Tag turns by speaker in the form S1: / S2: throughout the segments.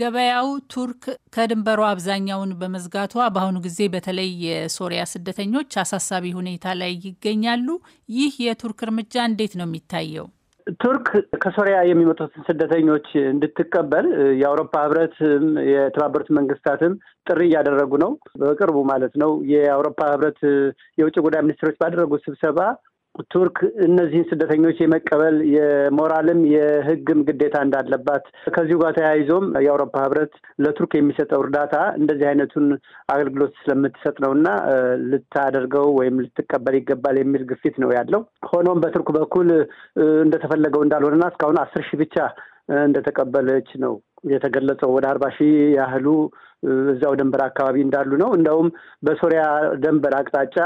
S1: ገበያው ቱርክ ከድንበሯ አብዛኛውን በመዝጋቷ በአሁኑ ጊዜ በተለይ የሶሪያ ስደተኞች አሳሳቢ ሁኔታ ላይ ይገኛሉ። ይህ የቱርክ እርምጃ እንዴት ነው የሚታየው?
S2: ቱርክ ከሶሪያ የሚመጡትን ስደተኞች እንድትቀበል የአውሮፓ ህብረትም የተባበሩት መንግስታትም ጥሪ እያደረጉ ነው። በቅርቡ ማለት ነው የአውሮፓ ህብረት የውጭ ጉዳይ ሚኒስትሮች ባደረጉት ስብሰባ ቱርክ እነዚህን ስደተኞች የመቀበል የሞራልም የሕግም ግዴታ እንዳለባት ከዚሁ ጋር ተያይዞም የአውሮፓ ሕብረት ለቱርክ የሚሰጠው እርዳታ እንደዚህ አይነቱን አገልግሎት ስለምትሰጥ ነው እና ልታደርገው ወይም ልትቀበል ይገባል የሚል ግፊት ነው ያለው። ሆኖም በቱርክ በኩል እንደተፈለገው እንዳልሆነና እስካሁን አስር ሺህ ብቻ እንደተቀበለች ነው የተገለጸው ወደ አርባ ሺህ ያህሉ እዛው ድንበር አካባቢ እንዳሉ ነው። እንደውም በሶሪያ ድንበር አቅጣጫ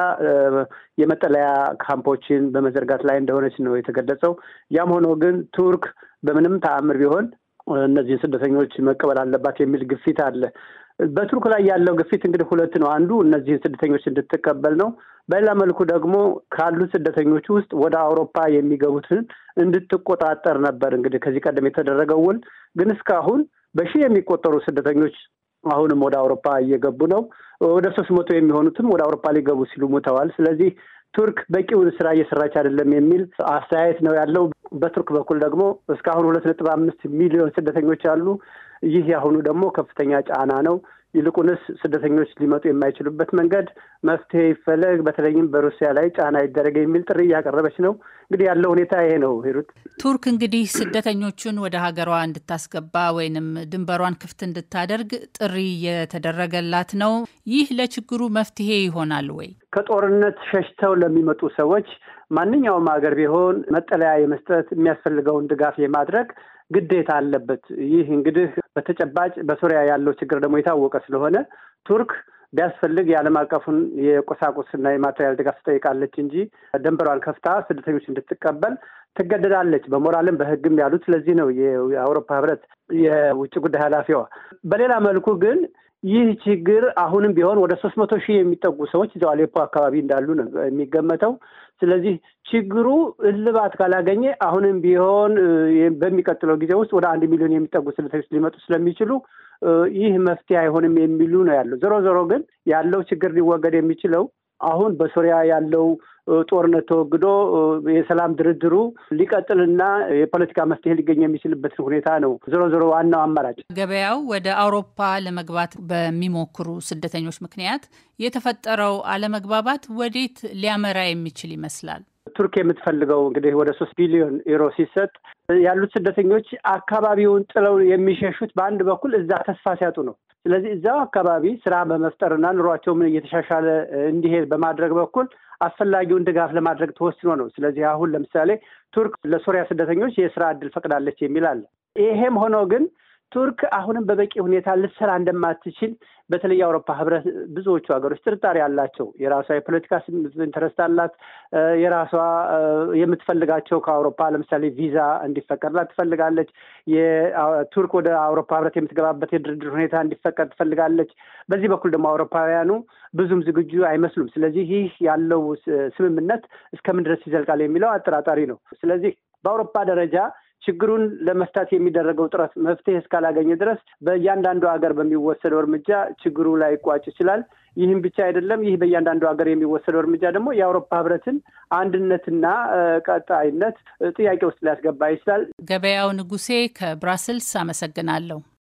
S2: የመጠለያ ካምፖችን በመዘርጋት ላይ እንደሆነች ነው የተገለጸው። ያም ሆኖ ግን ቱርክ በምንም ተአምር ቢሆን እነዚህን ስደተኞች መቀበል አለባት የሚል ግፊት አለ። በቱርክ ላይ ያለው ግፊት እንግዲህ ሁለት ነው። አንዱ እነዚህን ስደተኞች እንድትቀበል ነው። በሌላ መልኩ ደግሞ ካሉት ስደተኞች ውስጥ ወደ አውሮፓ የሚገቡትን እንድትቆጣጠር ነበር እንግዲህ ከዚህ ቀደም የተደረገው ውል። ግን እስካሁን በሺህ የሚቆጠሩ ስደተኞች አሁንም ወደ አውሮፓ እየገቡ ነው። ወደ ሶስት መቶ የሚሆኑትም ወደ አውሮፓ ሊገቡ ሲሉ ሙተዋል። ስለዚህ ቱርክ በቂውን ስራ እየሰራች አይደለም የሚል አስተያየት ነው ያለው። በቱርክ በኩል ደግሞ እስካሁን ሁለት ነጥብ አምስት ሚሊዮን ስደተኞች አሉ። ይህ ያሁኑ ደግሞ ከፍተኛ ጫና ነው። ይልቁንስ ስደተኞች ሊመጡ የማይችሉበት መንገድ መፍትሄ ይፈለግ፣ በተለይም በሩሲያ ላይ ጫና ይደረግ የሚል ጥሪ እያቀረበች ነው። እንግዲህ ያለው ሁኔታ ይሄ ነው። ሂሩት፣
S1: ቱርክ እንግዲህ ስደተኞቹን ወደ ሀገሯ እንድታስገባ ወይንም ድንበሯን ክፍት እንድታደርግ ጥሪ እየተደረገላት ነው። ይህ ለችግሩ መፍትሄ ይሆናል ወይ?
S2: ከጦርነት ሸሽተው ለሚመጡ ሰዎች ማንኛውም ሀገር ቢሆን መጠለያ የመስጠት የሚያስፈልገውን ድጋፍ የማድረግ ግዴታ አለበት። ይህ እንግዲህ በተጨባጭ በሱሪያ ያለው ችግር ደግሞ የታወቀ ስለሆነ ቱርክ ቢያስፈልግ የዓለም አቀፉን የቁሳቁስና የማቴሪያል ድጋፍ ትጠይቃለች እንጂ ደንበሯን ከፍታ ስደተኞች እንድትቀበል ትገደዳለች በሞራልም በሕግም ያሉት ስለዚህ ነው የአውሮፓ ሕብረት የውጭ ጉዳይ ኃላፊዋ። በሌላ መልኩ ግን ይህ ችግር አሁንም ቢሆን ወደ ሶስት መቶ ሺህ የሚጠጉ ሰዎች እዚያው አሌፖ አካባቢ እንዳሉ ነው የሚገመተው። ስለዚህ ችግሩ እልባት ካላገኘ አሁንም ቢሆን በሚቀጥለው ጊዜ ውስጥ ወደ አንድ ሚሊዮን የሚጠጉ ስደተኞች ሊመጡ ስለሚችሉ ይህ መፍትሄ አይሆንም የሚሉ ነው ያለው። ዞሮ ዞሮ ግን ያለው ችግር ሊወገድ የሚችለው አሁን በሶሪያ ያለው ጦርነት ተወግዶ የሰላም ድርድሩ ሊቀጥልና የፖለቲካ መፍትሄ ሊገኝ የሚችልበትን ሁኔታ ነው። ዞሮ ዞሮ ዋናው አማራጭ
S1: ገበያው ወደ አውሮፓ ለመግባት በሚሞክሩ ስደተኞች ምክንያት የተፈጠረው አለመግባባት ወዴት ሊያመራ የሚችል ይመስላል?
S2: ቱርክ የምትፈልገው እንግዲህ ወደ ሶስት ቢሊዮን ዩሮ ሲሰጥ ያሉት ስደተኞች አካባቢውን ጥለው የሚሸሹት በአንድ በኩል እዛ ተስፋ ሲያጡ ነው። ስለዚህ እዛው አካባቢ ስራ በመፍጠርና ኑሯቸውም እየተሻሻለ እንዲሄድ በማድረግ በኩል አስፈላጊውን ድጋፍ ለማድረግ ተወስኖ ነው። ስለዚህ አሁን ለምሳሌ ቱርክ ለሶሪያ ስደተኞች የስራ እድል ፈቅዳለች የሚል አለ። ይሄም ሆኖ ግን ቱርክ አሁንም በበቂ ሁኔታ ልትሰራ እንደማትችል በተለይ የአውሮፓ ህብረት ብዙዎቹ ሀገሮች ጥርጣሬ አላቸው። የራሷ የፖለቲካ ኢንተረስት አላት። የራሷ የምትፈልጋቸው ከአውሮፓ ለምሳሌ ቪዛ እንዲፈቀድላት ትፈልጋለች። የቱርክ ወደ አውሮፓ ህብረት የምትገባበት የድርድር ሁኔታ እንዲፈቀድ ትፈልጋለች። በዚህ በኩል ደግሞ አውሮፓውያኑ ብዙም ዝግጁ አይመስሉም። ስለዚህ ይህ ያለው ስምምነት እስከምን ድረስ ይዘልቃል የሚለው አጠራጣሪ ነው። ስለዚህ በአውሮፓ ደረጃ ችግሩን ለመፍታት የሚደረገው ጥረት መፍትሄ እስካላገኘ ድረስ በእያንዳንዱ ሀገር በሚወሰደው እርምጃ ችግሩ ላይ ይቋጭ ይችላል። ይህም ብቻ አይደለም። ይህ በእያንዳንዱ ሀገር የሚወሰደው እርምጃ ደግሞ የአውሮፓ ህብረትን አንድነትና ቀጣይነት ጥያቄ ውስጥ ሊያስገባ ይችላል።
S1: ገበያው ንጉሴ ከብራስልስ አመሰግናለሁ።